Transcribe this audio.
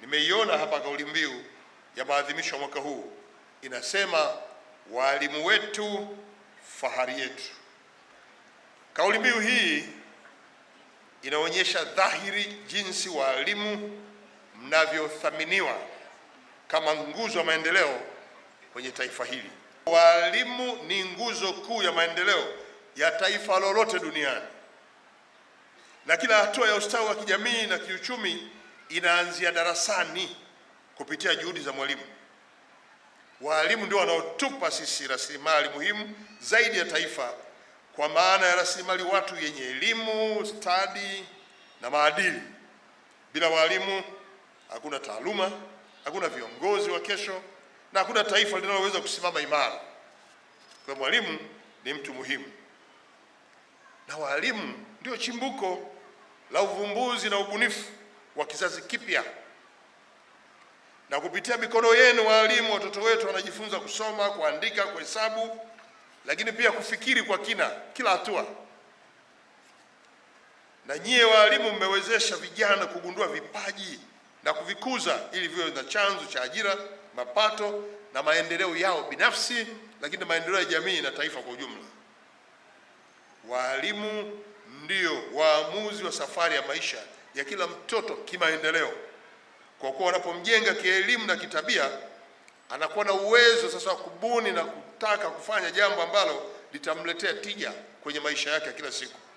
Nimeiona hapa kauli mbiu ya maadhimisho ya mwaka huu inasema, walimu wetu fahari yetu. Kauli mbiu hii inaonyesha dhahiri jinsi walimu mnavyothaminiwa kama nguzo ya maendeleo kwenye taifa hili. Walimu ni nguzo kuu ya maendeleo ya taifa lolote duniani, na kila hatua ya ustawi wa kijamii na kiuchumi inaanzia darasani kupitia juhudi za mwalimu. Walimu ndio wanaotupa sisi rasilimali muhimu zaidi ya taifa, kwa maana ya rasilimali watu yenye elimu, stadi na maadili. Bila walimu hakuna taaluma, hakuna viongozi wa kesho na hakuna taifa linaloweza kusimama imara. Kwa mwalimu ni mtu muhimu, na walimu ndio chimbuko la uvumbuzi na ubunifu wa kizazi kipya, na kupitia mikono yenu waalimu, watoto wetu wanajifunza kusoma, kuandika, kuhesabu, lakini pia kufikiri kwa kina kila hatua. Na nyie waalimu mmewezesha vijana kugundua vipaji na kuvikuza ili viwe na chanzo cha ajira, mapato na maendeleo yao binafsi, lakini maendeleo ya jamii na taifa kwa ujumla. Waalimu ndio waamuzi wa safari ya maisha ya kila mtoto kimaendeleo, kwa kuwa wanapomjenga kielimu na kitabia, anakuwa na uwezo sasa wa kubuni na kutaka kufanya jambo ambalo litamletea tija kwenye maisha yake ya kila siku.